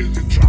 to the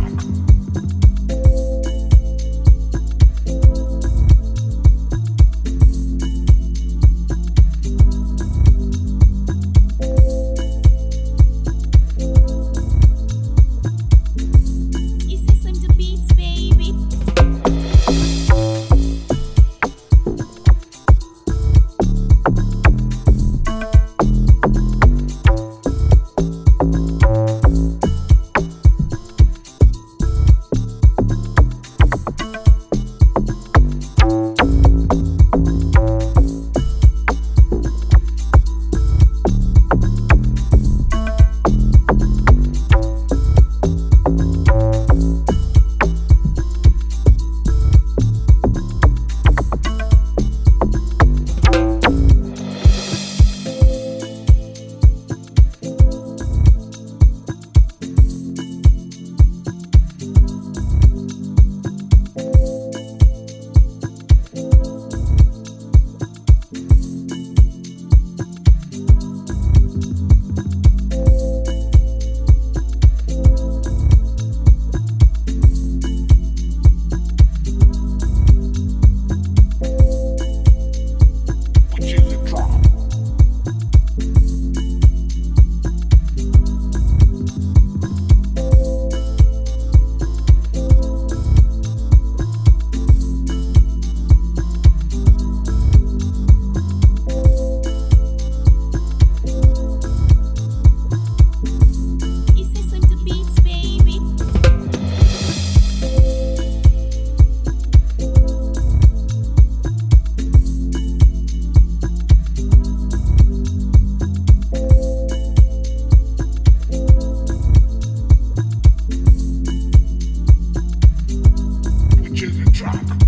track.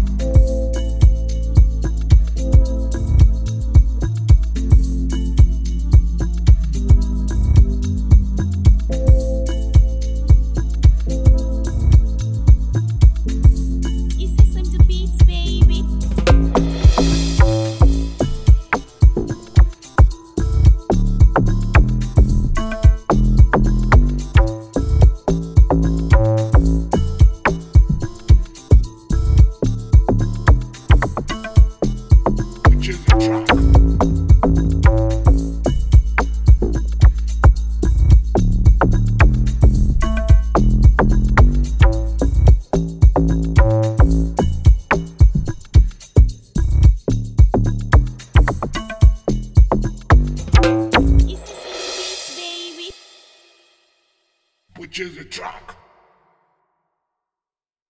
which is a track.